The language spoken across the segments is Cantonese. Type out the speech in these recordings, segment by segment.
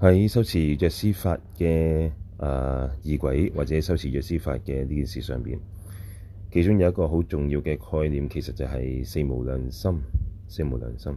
喺修持藥師法嘅呃，儀軌，或者修持藥師法嘅呢件事上邊，其中有一個好重要嘅概念，其實就係四無量心。四無量心，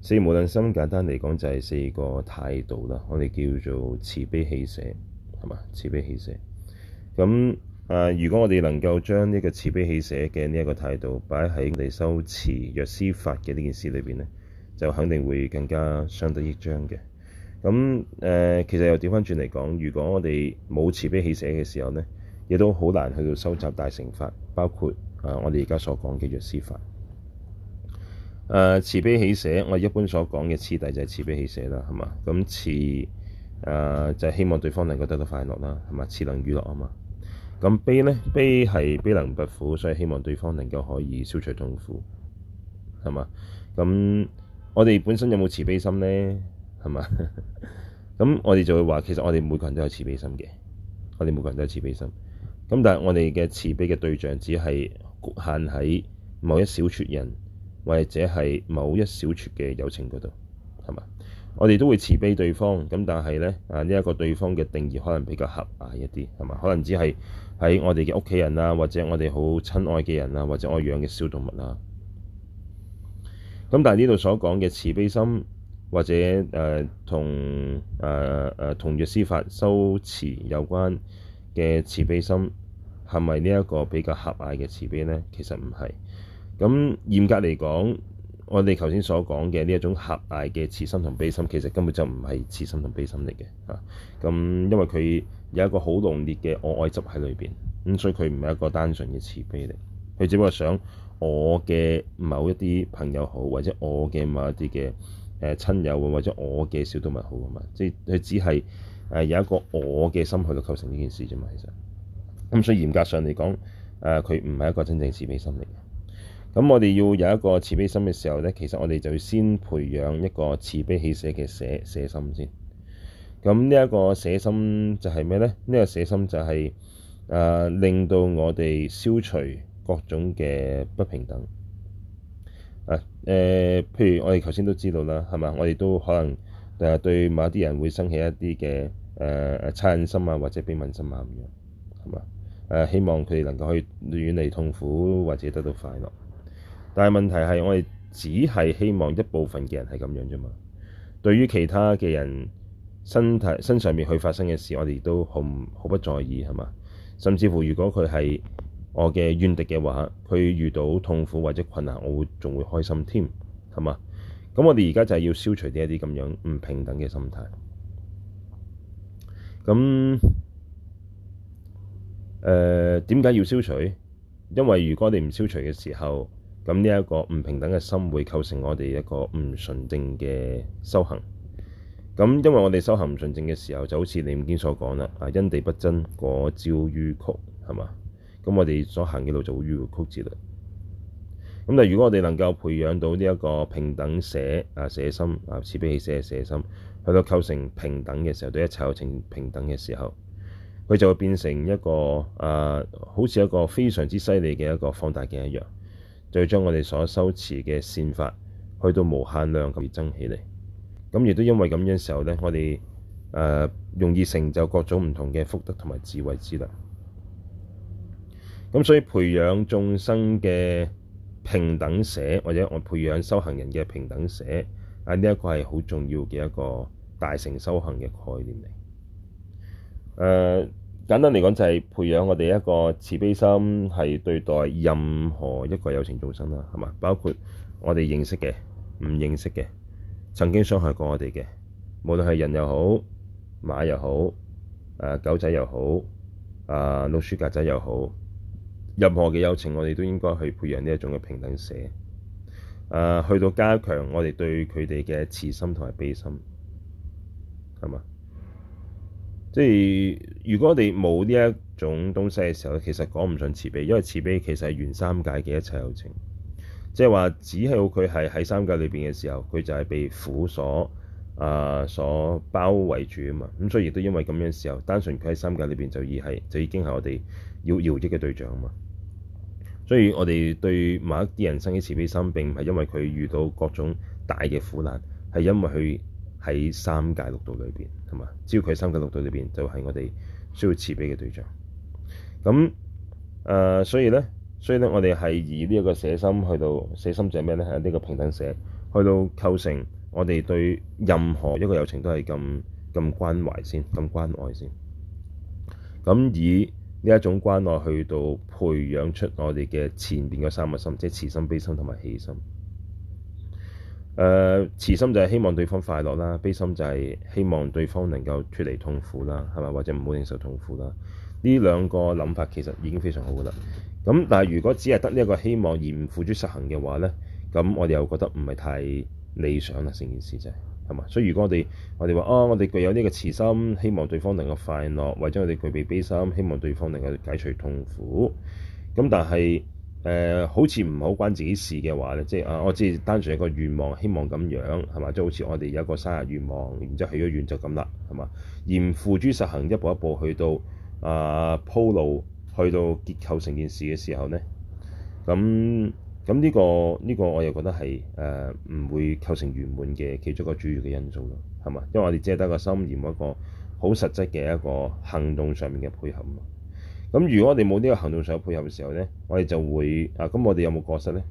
四無量心簡單嚟講就係四個態度啦。我哋叫做慈悲喜捨，係嘛？慈悲喜捨咁啊，呃。如果我哋能夠將呢個慈悲喜捨嘅呢一個態度擺喺我哋修持藥師法嘅呢件事裏邊咧，就肯定會更加相得益彰嘅。咁誒、呃，其實又調翻轉嚟講，如果我哋冇慈悲喜捨嘅時候咧，亦都好難去到收集大乘法，包括啊、呃，我哋而家所講嘅藥師法。誒、呃，慈悲喜捨，我一般所講嘅慈，慈，慈，呃、就係慈悲喜捨啦，係嘛？咁慈誒就係希望對方能夠得到快樂啦，係嘛？慈能愉樂啊嘛。咁悲咧，悲係悲能拔苦，所以希望對方能夠可以消除痛苦，係嘛？咁我哋本身有冇慈悲心咧？係嘛？咁我哋就會話，其實我哋每個人都有慈悲心嘅，我哋每個人都有慈悲心。咁但係我哋嘅慈悲嘅對象只係局限喺某一小撮人，或者係某一小撮嘅友情嗰度，係嘛？我哋都會慈悲對方，咁但係咧，啊呢一個對方嘅定義可能比較狹隘一啲，係嘛？可能只係喺我哋嘅屋企人啊，或者我哋好親愛嘅人啊，或者我養嘅小動物啊。咁但係呢度所講嘅慈悲心。或者誒、呃、同誒誒、呃、同藥師法修持有關嘅慈悲心係咪呢一個比較狹隘嘅慈悲咧？其實唔係。咁嚴格嚟講，我哋頭先所講嘅呢一種狹隘嘅慈心同悲心，其實根本就唔係慈心同悲心嚟嘅嚇。咁因為佢有一個好濃烈嘅愛執喺裏邊，咁所以佢唔係一個單純嘅慈悲力，佢只不過想我嘅某一啲朋友好，或者我嘅某一啲嘅。誒親友啊，或者我嘅小動物好啊嘛，即係佢只係誒有一個我嘅心去到構成呢件事啫嘛，其實，咁所以嚴格上嚟講，誒佢唔係一個真正慈悲心嚟嘅。咁我哋要有一個慈悲心嘅時候咧，其實我哋就要先培養一個慈悲喜捨嘅捨捨心先。咁呢一個捨心就係咩咧？呢、呢個捨心就係、是、誒、呃、令到我哋消除各種嘅不平等。啊、呃、譬如我哋頭先都知道啦，係嘛？我哋都可能誒、呃、對某啲人會生起一啲嘅誒誒親心啊，或者悲憫心啊咁樣，係嘛？誒、呃、希望佢哋能夠去遠離痛苦或者得到快樂。但係問題係，我哋只係希望一部分嘅人係咁樣啫嘛。對於其他嘅人身體身上面去發生嘅事，我哋都毫不，毫不在意，係嘛？甚至乎如果佢係。我嘅怨敵嘅話，佢遇到痛苦或者困難，我會仲會開心添，係嘛？咁我哋而家就係要消除呢一啲咁樣唔平等嘅心態。咁誒點解要消除？因為如果你唔消除嘅時候，咁呢一個唔平等嘅心會構成我哋一個唔純正嘅修行。咁因為我哋修行唔純正嘅時候，就好似楞嚴經所講啦，啊因地不真，果招紆曲，係嘛？咁我哋所行嘅路就好迂迴曲折啦。咁但係如果我哋能夠培養到呢一個平等捨啊，捨心啊，慈悲喜捨心，去到構成平等嘅時候，對一切有情平等嘅時候，佢就會變成一個啊、呃，好似一個非常之犀利嘅一個放大鏡一樣，就將我哋所修持嘅善法，去到無限量咁而增起嚟。咁亦都因為咁樣時候咧，我哋誒、呃、容易成就各種唔同嘅福德同埋智慧之能。咁所以培養眾生嘅平等捨，或者我培養修行人嘅平等捨啊，呢一個係好重要嘅一個大乘修行嘅概念嚟。呃，簡單嚟講，就係培養我哋一個慈悲心，係對待任何一個有情眾生啦，係嘛？包括我哋認識嘅、唔認識嘅，曾經傷害過我哋嘅，無論係人又好、馬又好、誒、呃、狗仔又好、啊老鼠、曱甴又好。任何嘅有情，我哋都應該去培養呢一種嘅平等捨，啊、呃，去到加強我哋對佢哋嘅慈心同埋悲心，係嘛？即係如果我哋冇呢一種東西嘅時候，其實講唔上慈悲，因為慈悲其實係緣三界嘅一切有情，即係話只係佢係喺三界裏邊嘅時候，佢就係被苦所啊、呃、所包圍住啊嘛，咁所以亦都因為咁樣嘅時候，單純佢喺三界裏邊就已係就已經係我哋要饒益嘅對象啊嘛，所以我哋對某一啲人生起慈悲心，並唔係因為佢遇到各種大嘅苦難，係因為佢喺三界六道裏邊係嘛？只要佢三界六道裏邊，就係我哋需要慈悲嘅對象。咁誒、呃，所以咧，所以咧，我哋係以呢一個捨心去到捨心者呢，這個、者咩咧？係呢個平等捨，去到構成我哋對任何一個有情都係咁咁關懷先，咁關愛先。咁以。呢一種關愛去到培養出我哋嘅前邊嘅三個心，即係慈心、悲心同埋喜心。誒、呃，慈心就係希望對方快樂啦，悲心就係希望對方能夠脫離痛苦啦，係咪？或者唔好忍受痛苦啦。呢兩個諗法其實已經非常好噶啦。咁但係如果只係得呢一個希望而唔付諸實行嘅話咧，咁我哋又覺得唔係太理想啦。成件事就係、是。係嘛？所以如果我哋我哋話啊，我哋具有呢個慈心，希望對方能夠快樂；或者我哋具備悲心，希望對方能夠解除痛苦。咁但係誒、呃，好似唔好關自己事嘅話咧，即、就、係、是、啊，我只係單純一個願望，希望咁樣係嘛，即係、就是、好似我哋有一個生日願望，然之後許咗願就咁啦，係嘛？而付諸實行，一步一步去到啊鋪路，o, 去到結構成件事嘅時候咧，咁。咁呢個呢個我又覺得係誒唔會構成圓滿嘅其中一個主要嘅因素咯，係嘛？因為我哋只係得個心念，而冇一個好實質嘅一個行動上面嘅配合啊。咁如果我哋冇呢個行動上嘅配合嘅時候咧，我哋就會啊咁我哋有冇過失咧？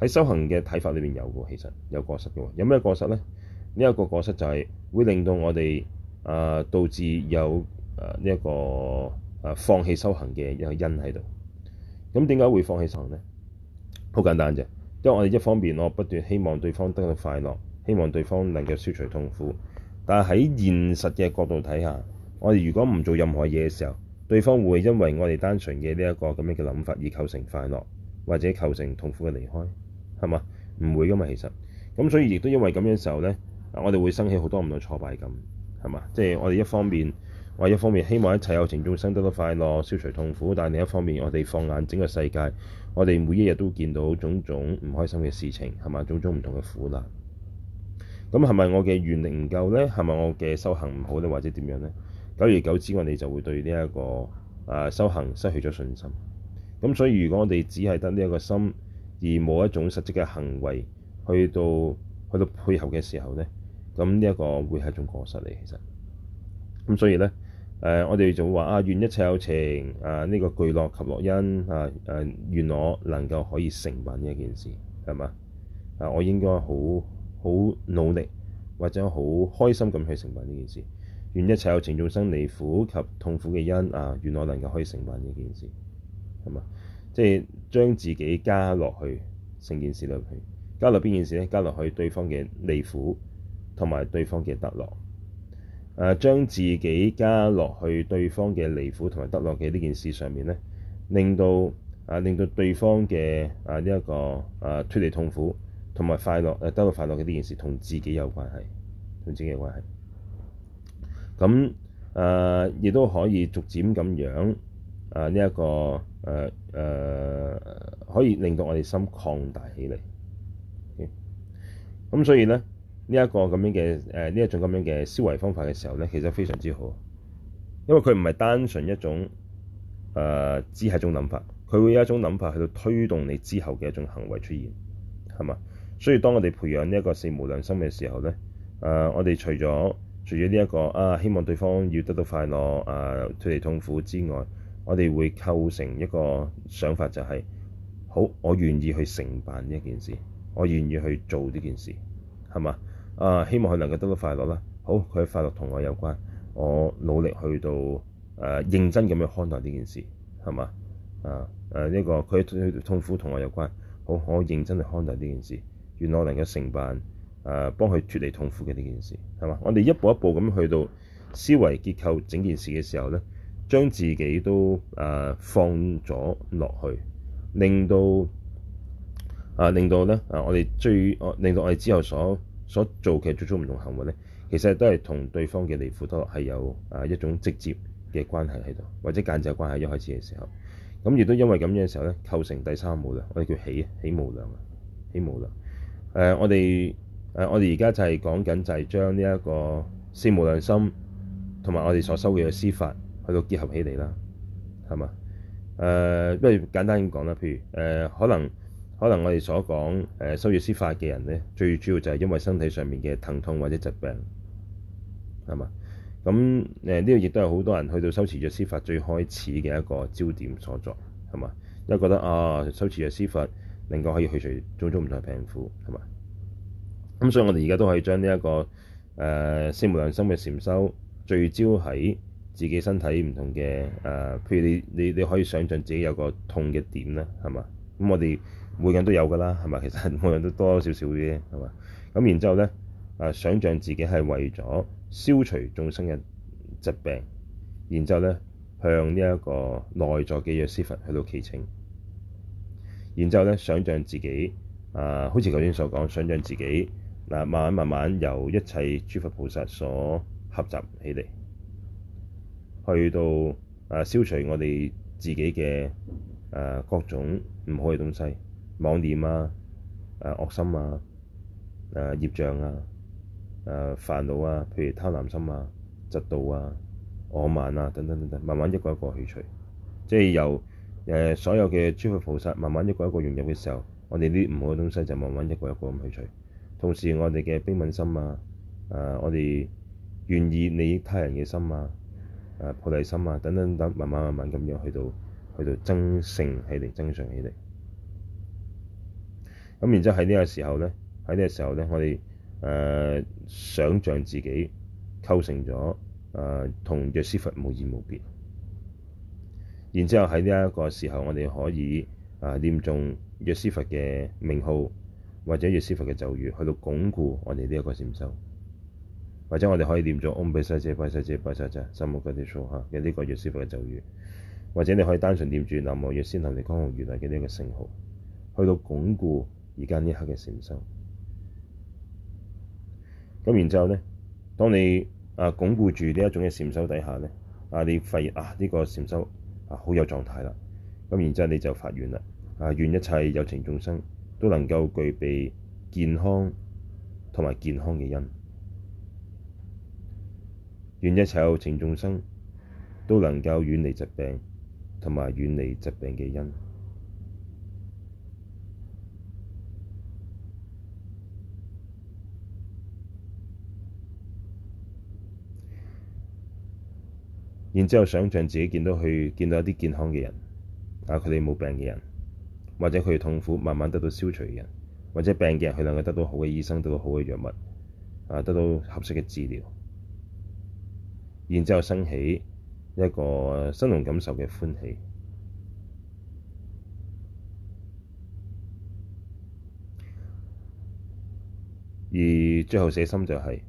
喺修行嘅睇法裏面有嘅，其實有過失嘅。有咩過失咧？呢一個過失就係會令到我哋啊、呃、導致有誒呢一個啊、呃、放棄修行嘅一個因喺度。咁點解會放棄修行咧？好簡單啫，因為我哋一方面，我不斷希望對方得到快樂，希望對方能夠消除痛苦。但喺現實嘅角度睇下，我哋如果唔做任何嘢嘅時候，對方會因為我哋單純嘅呢一個咁樣嘅諗法而構成快樂，或者構成痛苦嘅離開，係嘛？唔會噶嘛，其實咁所以亦都因為咁樣嘅時候咧，我哋會生起好多唔同挫敗感，係嘛？即係我哋一方面。話一方面希望一切有情眾生得到快樂，消除痛苦；但另一方面，我哋放眼整個世界，我哋每一日都見到種種唔開心嘅事情，係嘛？種種唔同嘅苦難。咁係咪我嘅願力唔夠咧？係咪我嘅修行唔好咧？或者點樣咧？久而久之，我哋就會對呢、這、一個啊、呃、修行失去咗信心。咁所以如果我哋只係得呢一個心，而冇一種實質嘅行為去到去到配合嘅時候咧，咁呢一個會係一種過失嚟。其實咁所以咧。誒、呃，我哋就會話啊，願一切有情啊，呢個具樂及樂因啊，誒，願我能夠可以成辦呢件事，係嘛？啊，我應該好好努力或者好開心咁去成辦呢件事。願一切有情眾生離苦及痛苦嘅因啊，願我能夠可以成辦呢件事，係嘛、啊啊？即係將自己加落去成件事裏面，加落邊件事咧？加落去對方嘅離苦同埋對方嘅得樂。誒、啊、將自己加落去對方嘅離苦同埋得樂嘅呢件事上面咧，令到、啊、令到對方嘅呢一個啊脫離痛苦同埋快樂、得到快樂嘅呢件事同自己有關係，同自己有關係。咁誒亦都可以逐漸咁樣誒呢一個誒誒、啊啊，可以令到我哋心擴大起嚟。咁、okay? 嗯、所以呢。呢一個咁樣嘅誒，呢、呃、一種咁樣嘅思維方法嘅時候咧，其實非常之好，因為佢唔係單純一種誒、呃，只係種諗法，佢會有一種諗法去到推動你之後嘅一種行為出現，係嘛？所以當我哋培養呢一個四無量心嘅時候咧，誒、呃，我哋除咗除咗呢一個啊，希望對方要得到快樂啊，脫離痛苦之外，我哋會構成一個想法就係、是，好，我願意去承辦呢一件事，我願意去做呢件事，係嘛？啊、希望佢能夠得到快樂啦。好，佢嘅快樂同我有關，我努力去到誒、啊、認真咁樣看待呢件事，係嘛？啊誒，一、啊呢個佢痛苦同我有關，好，我認真去看待呢件事，願我能夠成辦誒、啊、幫佢脫離痛苦嘅呢件事，係嘛？我哋一步一步咁去到思維結構整件事嘅時候咧，將自己都誒、啊、放咗落去，令到啊令到咧啊我哋最我、啊、令到我哋之後所所做嘅最做唔同行為咧，其實都係同對方嘅利庫多係有啊一種直接嘅關係喺度，或者間接關係。一開始嘅時候，咁亦都因為咁樣嘅時候咧，構成第三無量，我哋叫喜喜無量啊，喜無量。誒、呃，我哋誒、呃，我哋而家就係講緊就係將呢一個四無量心同埋我哋所修嘅師法去到結合起嚟啦，係嘛？誒、呃，不如簡單點講啦，譬如誒、呃，可能。可能我哋所講誒、呃、修持藥師法嘅人咧，最主要就係因為身體上面嘅疼痛或者疾病，係嘛？咁誒，呢度亦都係好多人去到修持藥師法最開始嘅一個焦點所在，係嘛？因為覺得啊，修持藥師法能夠可以去除種種唔同嘅病苦，係嘛？咁所以我哋而家都可以將呢一個誒四、呃、無量心嘅禪修聚焦喺自己身體唔同嘅誒、呃，譬如你你你可以想象自己有個痛嘅點啦，係嘛？咁我哋。每人都有㗎啦，係嘛？其實每人都多少少嘅，係嘛？咁然之後咧，啊、呃，想象自己係為咗消除眾生嘅疾病，然之後咧，向呢一個內在嘅藥師佛去到祈請，然之後咧，想象自己啊、呃，好似頭先所講，想象自己嗱、呃，慢慢慢慢由一切諸佛菩薩所合集起嚟，去到啊、呃、消除我哋自己嘅誒、呃、各種唔好嘅東西。妄念啊，誒、呃、惡心啊，誒、呃、業障啊，誒、呃、煩惱啊，譬如貪婪心啊、嫉妒啊、傲慢啊等等等等，慢慢一個一個去除，即係由誒、呃、所有嘅諸佛菩薩慢慢一個一個融入嘅時候，我哋啲唔好嘅東西就慢慢一個一個咁去除，同時我哋嘅悲憫心啊，誒、呃、我哋願意利益他人嘅心啊，誒、呃、菩提心啊等，等等等，慢慢慢慢咁樣去到去到，去到增盛起嚟，增上起嚟。咁然之後喺呢個時候呢，喺呢個時候呢，我哋誒、呃、想像自己構成咗誒、呃、同藥師佛無異無別。然之後喺呢一個時候，我哋可以誒、呃、念誦藥師佛嘅名號或者藥師佛嘅咒語，去到鞏固我哋呢一個禪修，或者我哋可以念誦嗡比西者、拜西者、拜西者、三目格啲蘇下嘅呢個藥師佛嘅咒語，或者你可以單純念住南無藥師佛、琉璃光如來嘅呢個聖號，去到鞏固。而家呢刻嘅禪修，咁然之後呢，當你啊鞏固住呢一種嘅禪修底下呢，啊你發現啊呢個禪修啊好有狀態啦，咁然之後你就發願啦，啊願一切有情眾生都能夠具備健康同埋健康嘅因，願一切有情眾生都能夠遠離疾病同埋遠離疾病嘅因。然之後，想象自己見到佢見到一啲健康嘅人，啊，佢哋冇病嘅人，或者佢痛苦慢慢得到消除嘅人，或者病嘅人，佢能夠得到好嘅醫生，得到好嘅藥物，啊，得到合適嘅治療。然之後生起一個身同感受嘅歡喜。而最後捨心就係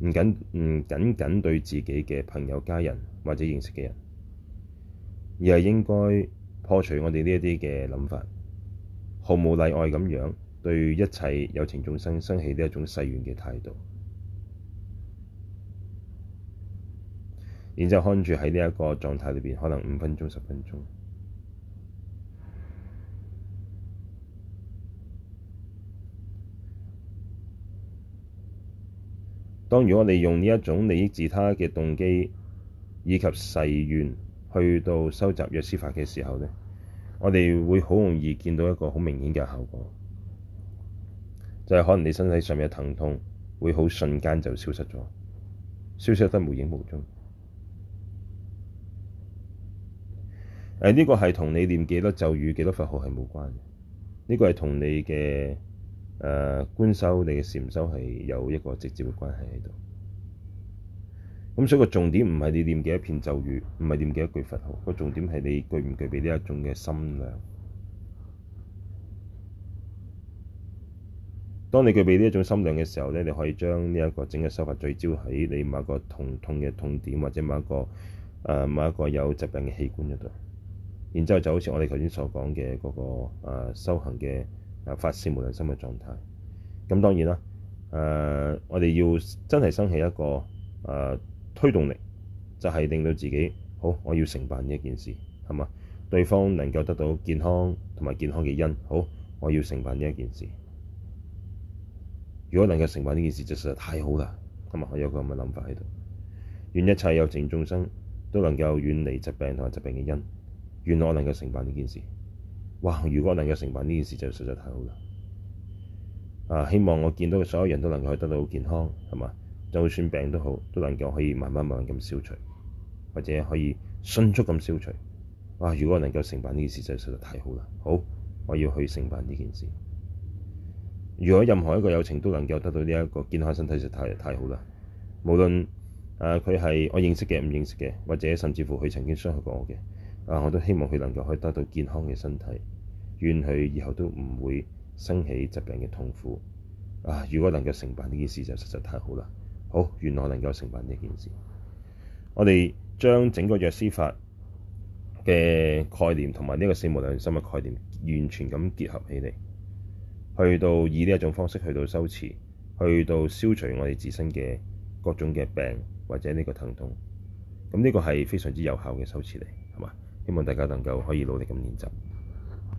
唔僅唔僅僅對自己嘅朋友家人。或者認識嘅人，而係應該破除我哋呢一啲嘅諗法，毫無例外咁樣對一切有情眾生生起呢一種誓願嘅態度，然之後看住喺呢一個狀態裏邊，可能五分鐘、十分鐘。當如果利用呢一種利益自他嘅動機，以及誓願去到收集藥師法嘅時候咧，我哋會好容易見到一個好明顯嘅效果，就係、是、可能你身體上面嘅疼痛會好瞬間就消失咗，消失得無影無蹤。誒、呃、呢、這個係同你念幾多咒語、幾多佛號係冇關嘅，呢、這個係同你嘅誒、呃、觀修、你嘅禪修係有一個直接嘅關係喺度。咁所以個重點唔係你念幾多遍咒語，唔係念幾多句佛號。個重點係你具唔具備呢一種嘅心量。當你具備呢一種心量嘅時候咧，你可以將呢一個整嘅修法聚焦喺你某一個痛痛嘅痛點，或者某一個啊、呃、某一個有疾病嘅器官嗰度。然之後就好似我哋頭先所講嘅嗰個啊、呃、修行嘅啊發善無量心嘅狀態。咁當然啦，誒、呃、我哋要真係生起一個誒、呃推動力就係、是、令到自己好，我要成辦呢件事係嘛？對方能夠得到健康同埋健康嘅因，好，我要成辦呢件事。如果能夠成辦呢件事，就實在太好啦！今日我有個咁嘅諗法喺度，願一切有情眾生都能夠遠離疾病同埋疾病嘅因。願我能夠成辦呢件事，哇！如果能夠成辦呢件事，就實在太好啦！啊，希望我見到嘅所有人都能夠得到健康，係嘛？就算病都好，都能夠可以慢慢慢慢咁消除，或者可以迅速咁消除。哇、啊！如果能夠成辦呢件事，就實在太好啦。好，我要去成辦呢件事。如果任何一個有情都能夠得到呢一個健康身體，就太太好啦。無論啊，佢係我認識嘅、唔認識嘅，或者甚至乎佢曾經傷害過我嘅啊，我都希望佢能夠可以得到健康嘅身體，願佢以後都唔會生起疾病嘅痛苦。啊！如果能夠成辦呢件事，就實在太好啦。好，原來能夠成辦呢件事。我哋將整個藥師法嘅概念同埋呢個四無量心嘅概念完全咁結合起嚟，去到以呢一種方式去到修持，去到消除我哋自身嘅各種嘅病或者呢個疼痛。咁呢個係非常之有效嘅修持嚟，係嘛？希望大家能夠可以努力咁練習。